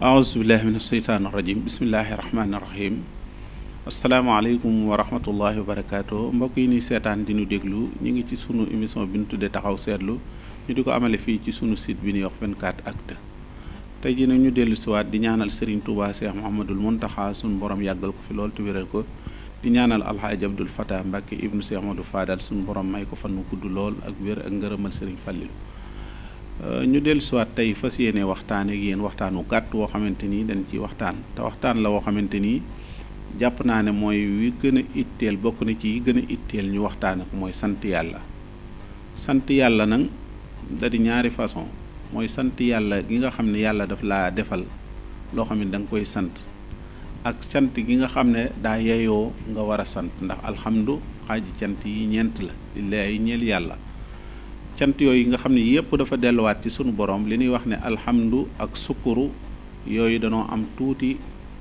aousubillahi min asheytaan irajim bismillahi rahmaanirahim asalaamaaleykum wa rahmatullahi wa barakaatu mbokk yi ni seetaan di ñu déglu ñu ngi ci sunu émission bi ñu tuddee taxaw seetlu ñu di ko amale fii ci sunu site bi ñuy wax 24 tey jii nag ñu dellu siwaat di ñaanal Serigne Touba Cheikh Mouhamadul Mountakha sunu borom yàggal ko fi lool te wéral ko di ñaanal alxaaji Abdul Fatah Mbacke ibnu ma du Fadal sunu borom may ko fan mu gudd lool ak wér ak ngërëmal Serigne Fallil Euh, ñu dellu siwaat tey fas yéene waxtaan ak yéen waxtaanu gàtt woo xamante nii dañ ci waxtaan te waxtaan la woo xamante ni jàpp naa ne mooy wi gën a itteel bokk na ci gën a itteel ñu waxtaan ak mooy sant yàlla sant yàlla nag da ñaari façon mooy sant yàlla gi nga xam ne yàlla daf laa defal loo xam ne da koy sant ak sant gi nga xam ne daa yeyoo nga war a sant ndax alhamdu xaaji cant yi ñeent la lillaahi ñeel yàlla cant yooyu nga xam ne yëpp dafa delluwaat ci sunu borom li ñuy wax ne alhamdu ak sukkuru yooyu danoo am tuuti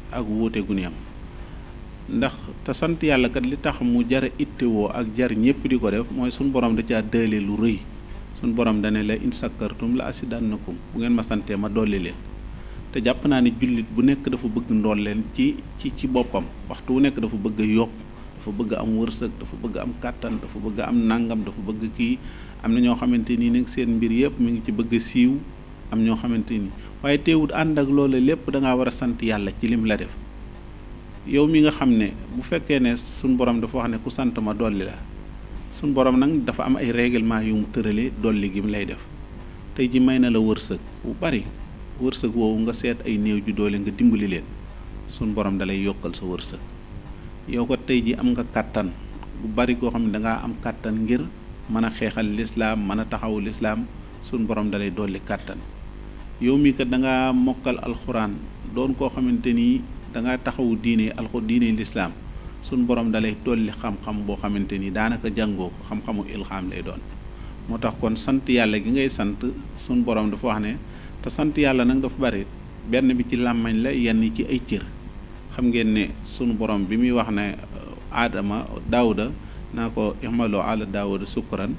ak wuute gu ndax te sant yàlla kat li tax mu jar a ak jar ñëpp di ko def mooy sunu borom da caa dële lu rëy sunu borom dane la in sakkartum la asidannakum bu ngeen ma santee ma dolli leen te jàpp naa ne jullit bu nekk dafa bëgg ndool leen ci ci ci boppam waxtu wu nekk dafa bëgg yokk dafa bëgg am wërsëg dafa bëgg am kàttan dafa bëgg am nàngam dafa bëgg kii am na ñoo xamante ni nag seen mbir yëpp mu ngi ci bëgg a siiw am ñoo xamante ni waaye teewut ànd ak loola lépp da war a sant yàlla ci lim la def yow mi nga xam ne bu fekkee ne suñ borom dafa wax ne ku sant ma dolli la suñ borom nag dafa am ay règlement yu mu tëralee dolli gi mu lay def tey ji may na la wërsëg bu bari wërsëg woowu nga seet ay néew ju doole nga dimbali leen suñ borom dalay yokkal sa wërsëg yow ko tey ji am nga kàttan bu bari koo xam ne dangaa am kàttan ngir mën a xeexal lislaam mën a taxawu lislaam suñ borom dalay dolli kàttan yow mi kat da nga mokkal alxuraan doon koo xamante ni da nga taxawu diine alxu diine lislaam suñ borom dalay dolli xam-xam boo xamante ni daanaka jàngoo ko xam-xamu ilxaam lay doon moo tax kon sant yàlla gi ngay sant suñ borom dafa wax ne te sant yàlla nag dafa bari benn bi ci làmmañ la yenn ci ay cër xam ngeen ne sunu borom bi muy wax ne aadama daawuda naa ko ixmaloo ala daawuda sukkuran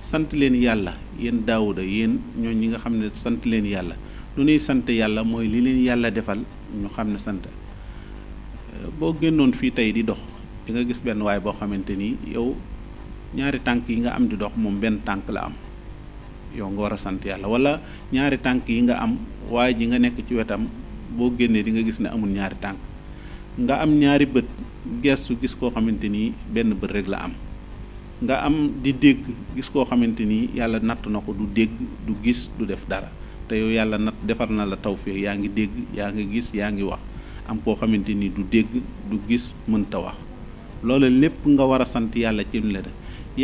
sant leen yàlla yéen daawuda yéen ñoo ñi nga xam ne sant leen yàlla lu ñuy sant yàlla mooy li leen yàlla defal ñu xam ne sant boo génnoon fii tey di dox di nga gis benn waay boo xamante ni yow ñaari tànk yi nga am di dox moom benn tànk la am yow nga war a sant yàlla wala ñaari tànk yi nga am waaye ji nga nekk ci wetam boo génnee di nga gis ne amul ñaari tànk nga am ñaari bët gestu gis koo xamante ni benn bët rek la am nga am di dégg gis koo xamante ni yàlla natt na ko du dégg du gis du def dara te yow yàlla natt defar na la tawféex yaa ngi dégg yaa ngi gis yaa ngi wax am koo xamante ni du dégg du gis mënta wax loolu lépp nga war a sant yàlla ci la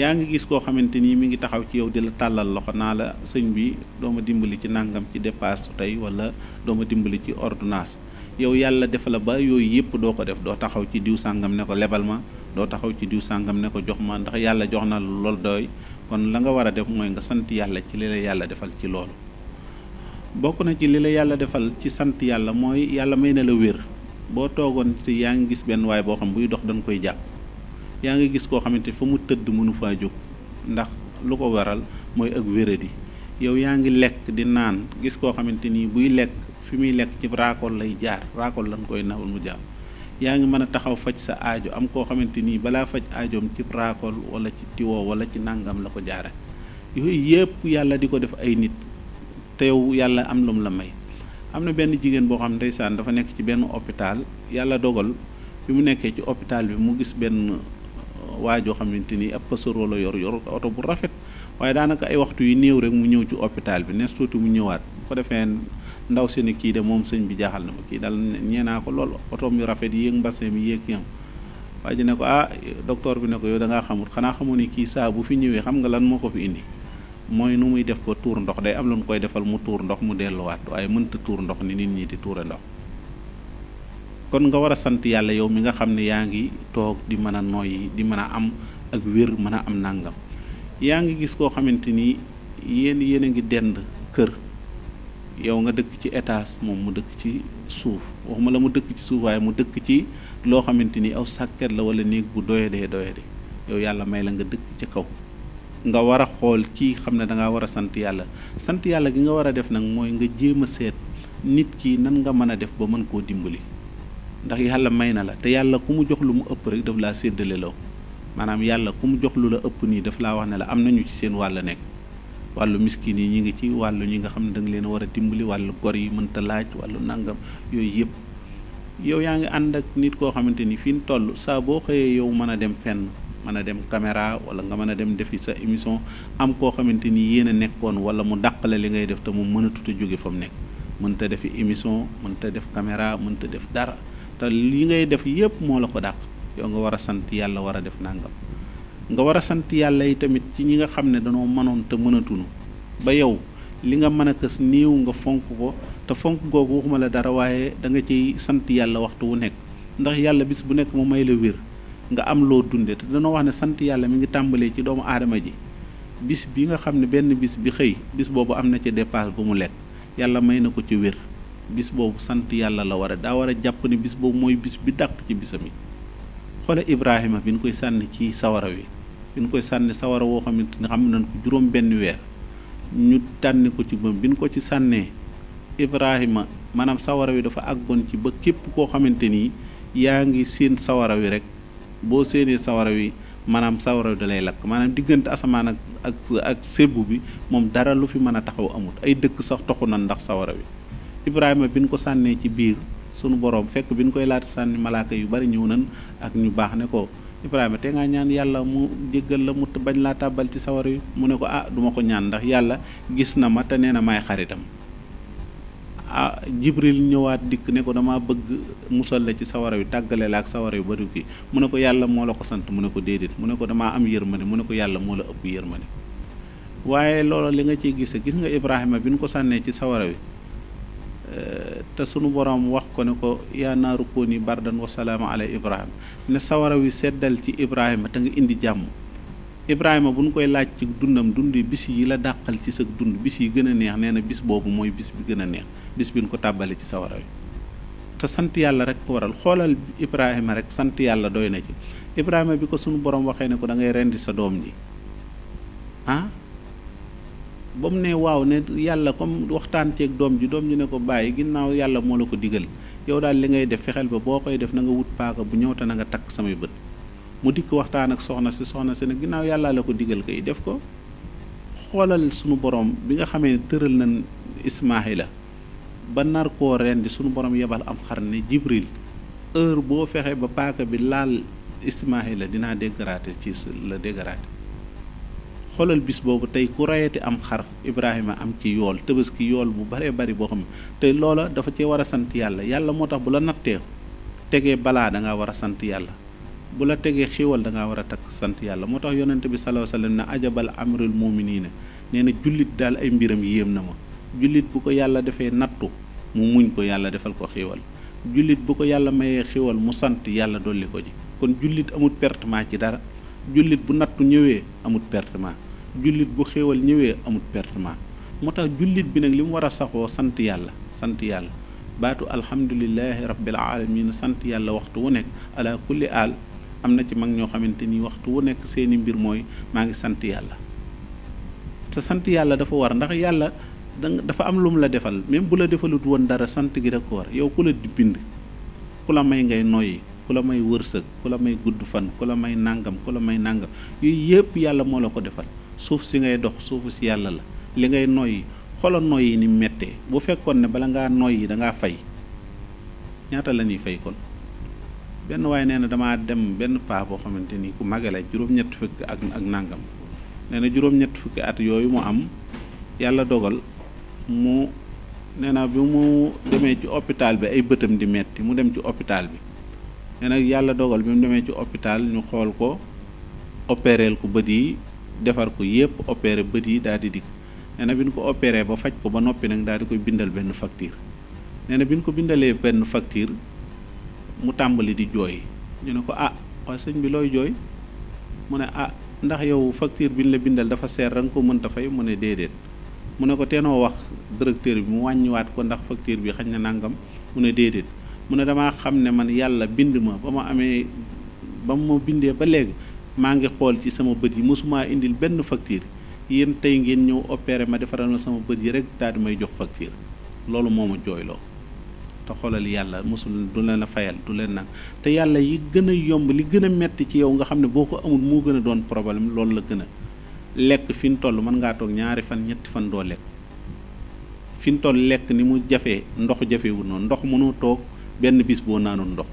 yaa ngi gis koo xamante ni mu ngi taxaw ci yow di la tàllal loxo naa la sëñ bi dooma dimbali ci nàngam ci dépasse tey wala dooma dimbali ci ordonnance yow yàlla def la ba yooyu yëpp doo ko def doo taxaw ci diw sàngam ne ko lebal ma doo taxaw ci diw sàngam ne ko jox ma ndax yàlla jox na lool doy kon la nga war a def mooy nga sant yàlla ci li la yàlla defal ci loolu bokk na ci li la yàlla defal ci sant yàlla mooy yàlla may na la wér boo toogoon te yaa ngi gis benn waay boo xam buy dox dañ koy jàpp yaa ngi gis koo xamante fa mu tëdd mënu faa jóg ndax lu ko waral mooy ak wéradi yow yaa ngi lekk di naan gis koo xamante ni buy lekk fi muy lekk ci raakool lay jaar raakool lan koy nawal mu jaam yaa ngi mën a taxaw faj sa aajo am koo xamante nii balaa faj ajoom ci raakool wala ci tiwo wala ci nàngam la ko jaare yooyu yëpp yàlla di ko def ay nit te yow yàlla am lum la may am na benn jigéen boo xam ndeysaan dafa nekk ci benn hôpital yàlla dogal fi mu nekkee ci hôpital bi mu gis benn uh, waajoo xamante ni ab pasero la yor yor oto bu rafet waaye daanaka ay waxtu yu néew rek mu ñëw ci hôpital bi ne mu ñëwaat ndaw si kii de moom sëñ bi jaaxal na ma kii dal ñee ko lool otoom yu rafet yéeg mbasin bi yéeg yam waa ji ne ko ah docteur bi ne ko yow da ngaa xamul xanaa xamoo ni kii saa bu fi ñëwee xam nga lan moo ko fi indi mooy nu muy def ko tuur ndox day am lu mu koy defal mu tuur ndox mu delluwaat waaye mënta tuur ndox ni nit ñi di tuure ndox kon nga war a sant yàlla yow mi nga xam ne yaa ngi toog di mën a noyyi di mën a am ak wér mën a am nàngam yaa ngi gis koo xamante ni yéen yéen a ngi dend kër yow nga dëkk ci étage moom mu dëkk ci suuf waxuma la mu dëkk ci suuf waaye mu dëkk ci loo xamante ni aw sàkket la wala néeg bu doyadee doyade yow yàlla may la nga dëkk ci kaw nga war a xool ci xam ne da ngaa war a sant yàlla sant yàlla gi nga war a def nag mooy nga jéem a seet nit ki nan nga mën a def ba mën koo dimbali ndax yàlla may na la te yàlla ku mu jox lu mu ëpp rek daf laa séddale loo maanaam yàlla ku mu jox lu la ëpp nii daf laa wax ne la am nañu ci seen wàll nekk wàllu miskin yi ñu ngi ci wàllu ñi nga xam ne da leen a war a dimbali wàllu kor yi mënta laaj wàllu nangam yooyu yëpp yow yaa ngi ànd ak nit koo xamante ni fi mu toll saa boo xëyee yow mën a dem fenn mën a dem caméra wala nga mën a dem defi sa émission am koo xamante ni yéen a nekkoon wala mu dàqale li ngay def te mu mënatut a jóge fa mu nekk mënta defi émission mënta def caméra mënta def dara te li ngay def yëpp moo la ko dàq yow nga war a sant yàlla war a def nangam. nga war a sant yàlla yi tamit ci ñi nga xam ne danoo mënoon te mënatunu ba yow li nga mën a kës niiw nga fonk ko te fonk googu waxuma la dara waaye da nga ciy sant yàlla waxtu wu nekk ndax yàlla bis bu nekk mu may la wér nga am loo dunde te danoo wax ne sant yàlla mi ngi tàmbalee ci doomu aadama ji bis bi nga xam ne benn bis bi xëy bis boobu am na ci dépasse bu mu lekk yàlla may na ko ci wér bis boobu sant yàlla la war a daa war a jàpp ne bis boobu mooy bis bi dàq ci bisam yi xoole Ibrahima bi koy sànni ci sawara wi biñ koy sànni sawara woo xamante ni xam nañ ko juróom benn weer ñu tànni ko ci bëm biñ ko ci sànnee Ibrahima maanaam sawara wi dafa àggoon ci ba képp koo xamante ni yaa ngi seen sawara wi rek boo séenee sawara wi maanaam sawara wi da lay lakk maanaam diggante asamaan ak ak ak sébu bi moom dara lu fi mën a taxaw amut ay dëkk sax toxu na ndax sawara wi Ibrahima biñ ko sànnee ci biir sunu borom fekk biñ koy laata sànni malaaka yu bari ñëw nan ak ñu baax ne ko. Ibrahima te ngaa ñaan yàlla mu jéggal la mu bañ laa tàbbal ci sawar yi mu ne ko ah duma ko ñaan ndax yàlla gis na ma te nee na maay xaritam ah Jibril ñëwaat dikk ne ko dama bëgg musal la ci sawar yu tàggale la ak sawara yu bari kii mu ne ko yàlla moo la ko sant mu ne ko déedéet mu ne ko damaa am ma ne mu ne ko yàlla moo la ëpp yërmande waaye loolu li nga ciy gise gis nga Ibrahima bi ñu ko sànnee ci sawara wi eh, te sunu borom wax ko ne ko yaa naaru kooni bardan wa salaama ala ibrahima ne sawara wi seddal ci ibrahima te nga indi jàmm ibrahima bu ñu koy laaj ci dundam dund bis yi la dàqal ci sa dund bis yi gën a neex nee na bis boobu mooy bis bi gën a neex bis bi ñu ko tàbbale ci sawara wi te sant yàlla rek ko waral xoolal ibrahima rek sant yàlla doy na ci ibrahima bi ko sunu borom waxee ne ko dangay rendi sa doom ji ah ba mu ne waaw ne yàlla comme waxtaan ceeg doom ji doom ji ne ko bàyyi ginnaaw yàlla moo la ko digal yow daal li ngay def fexeel ba boo koy def na nga wut paaka bu ñëw te na nga takk samay bët mu dikk waxtaan ak soxna si soxna si ne ginnaaw yàllaa la ko digal kay def ko xoolal sunu borom bi nga xamee ne tëral nañ la ba nar koo rendi sunu borom yebal am xar ne Jibril heure boo fexe ba paaka bi laal la dinaa déggaraate ci la déggaraate xoolal bis boobu tey ku rayati am xar Ibrahima am ci yool ki yool bu baree bari boo xam ne tey loola dafa cee war a sant yàlla yàlla moo tax bu la nattee tegee balaa da ngaa war a sant yàlla bu la tegee xiiwal da ngaa war a takk sant yàlla moo tax yonente bi sallallahu alayhi wasallam ne ajabal amrul muminina nee na jullit daal ay mbiram yéem na ma jullit bu ko yàlla defee nattu mu muñ ko yàlla defal ko xiiwal jullit bu ko yàlla mayee xiiwal mu sant yàlla dolli ko ji kon jullit amut pertement ci dara jullit bu nattu ñëwee amut pertement jullit bu xéewal ñëwee amut pertement moo tax jullit bi nag li mu war a saxoo sant yàlla sant yàlla baatu alhamdulilahi rabbil alamin sant yàlla waxtu wu nekk ala kulli aal am na ci mag ñoo xamante ni waxtu wu nekk seeni mbir mooy maa ngi sant yàlla sa sant yàlla dafa war ndax yàlla dafa am lu mu la defal même bu la defalut woon dara sant gi rek ko war yow ku la di bind ku la may ngay noyyi ku la may wërsëg ku la may gudd fan ku la may nàngam ku la may nàngam yëpp yàlla moo la ko defal suuf si ngay dox suufu si yàlla la li ngay noyyi xoolal noyyi ni méttee bu fekkoon ne bala ngaa noyyi da ngaa fay ñaata la ñuy fay kon benn waaye nee na damaa dem benn paa boo xamante ni ku magala juróom-ñett fukki ak nàngam nee na juróom-ñett fukki at yooyu mu am yàlla dogal mu nee na bi mu demee ci hôpital bi ay bëtam di metti mu dem ci hôpital bi nee yàlla dogal bi mu demee ci hôpital ñu xool ko opéreel ko bët yi defar ko yépp opéré bët yi daal di dikk nee bi ñu ko opéré ba faj ko ba noppi nag daal di koy bindal benn facture nee na bi ñu ko bindalee benn facture mu tàmbali di jooy ñu ne ko ah waaye sëñ bi looy jooy mu ne ah ndax yow facture bi ñu la bindal dafa seer da nga ko mënta fay mu ne déedéet mu ne ko teenoo wax directeur bi mu wàññiwaat ko ndax facture bi xañ na nangam mu ne déedéet mu ne damaa xam ne man yàlla bind ma ba ma amee ba ma bindee ba léegi maa ngi xool ci sama bët yi mosumaa indil benn facture yéen tey ngeen ñëw opéré ma defaral ma sama bët yi rek daal di may jox facture loolu moo ma jooyloo te xoolal yàlla mosul du leen a fayal du leen nag te yàlla yi gën a yomb li gën a metti ci yow nga xam ne boo ko amul moo gën a doon problème loolu la gën a lekk fi ñu toll mën ngaa toog ñaari fan ñetti fan doo lekk fi ñu toll lekk ni mu jafee ndox jafewul noonu ndox mënoo toog benn bis boo naanoon ndox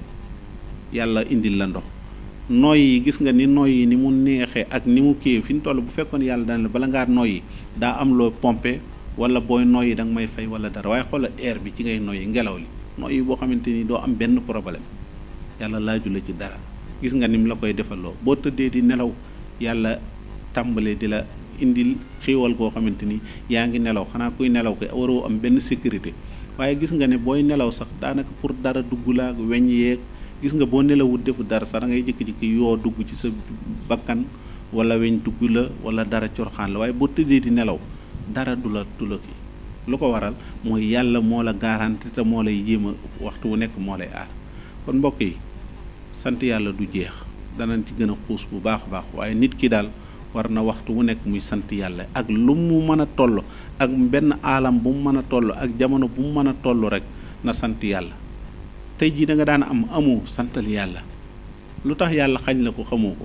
yàlla indil la ndox nooy yi gis nga ni nooy yi ni mu neexee ak ni mu kii fi ñu toll bu fekkoon yàlla daan la bala ngaa nooy daa am loo pompe wala booy nooy danga da may fay wala dara waaye xoola air bi ci ngay nooyi ngelaw li nooy boo xamante ni doo am benn problème yàlla laaju la ci dara gis nga ni mu la koy defaloo boo tëddee di nelaw yàlla tàmbalee di la indil xiiwal goo xamante ni yaa ngi nelaw xanaa kuy nelaw ko waroo am benn sécurité waaye gis nga ne booy nelaw sax daanaka pour dara dugg la ak weñ gis nga boo nelawul defu dara sax dangay ngay jékki-jékki yoo dugg ci sa bakkan wala weñ dugg la wala dara corxaan la waaye boo tëddee di nelaw dara du la du lu ko waral mooy yàlla moo la garanti te moo lay jéem waxtu wu nekk moo lay aar kon mbokk yi sant yàlla du jeex danañ ci gën a xuus bu baax a baax waaye nit ki daal war na waxtu wu nekk muy sant yàlla ak lu mu mën a toll ak benn aalam bu mu mën a toll ak jamono bu mu mën a toll rek na sant yàlla tey jii da nga daan am amu santal yàlla lu tax yàlla xañ la ko xamu ko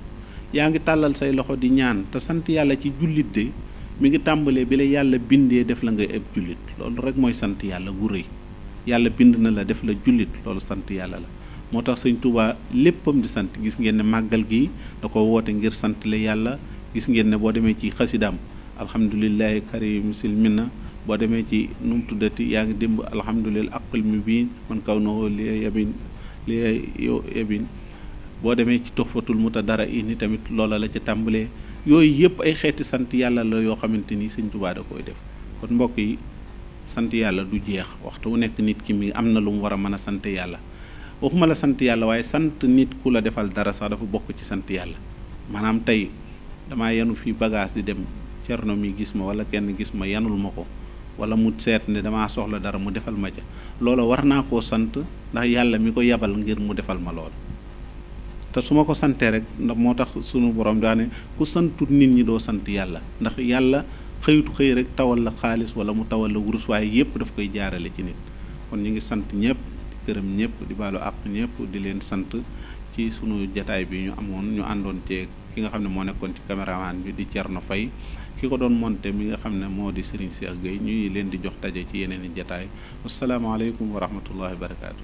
yaa ngi tàllal say loxo di ñaan te sant yàlla ci jullit de mi ngi tàmbalee bi la yàlla bindee def la nga ëpp jullit loolu rek mooy sant yàlla gu rëy yàlla bind na la def la jullit loolu sant yàlla la moo tax sëñ Tuubaa léppam di sant gis ngeen ne màggal gi da ko woote ngir sant la yàlla gis ngeen ne boo demee ci xasidaam alhamdulillahi karim silmina boo demee ci nu mu tuddati yaa ngi démb alhamdulilah ak mi bii man kaw na woo li yabin li yabin boo demee ci tuxfatul dara ini tamit loola la ca tàmbalee yooyu yëpp ay xeeti sant yàlla la yoo xamante ni sëñ Tuubaa da koy def kon mbokk yi sant du jeex waxtu wu nekk nit ki mi am na lu mu war a mën a sant yàlla waxuma la sant yàlla waaye sant nit ku la defal dara sax dafa bokk ci sant yàlla maanaam tey damaa yenu fii bagage di dem cerno mi gis ma wala kenn gis ma yanul ma ko wala mu seet ne damaa soxla dara mu defal ma ca loola war naa koo sant ndax yàlla mi ko yabal ngir mu defal ma lool te su ma ko santee rek ndax moo tax sunu borom daane ku santut nit ñi doo sant yàlla ndax yàlla xëyutu xëy rek tawal la xaalis wala mu tawal la wurus waaye daf koy jaarale ci nit kon ñu ngi sant ñépp di gërëm ñépp di baalu àq ñépp di leen sant ci sunu jataay bi ñu amoon ñu àndoon ci ki nga xam ne moo nekkoon ci caméraman bi di Thierno Faye ki ko doon monte mi nga xam ne moo di Serigne Cheikh Gueye ñuy leen di jox daje ci yeneen i jataay asalaamaaleykum wa rahmatullahi wa barakaatu.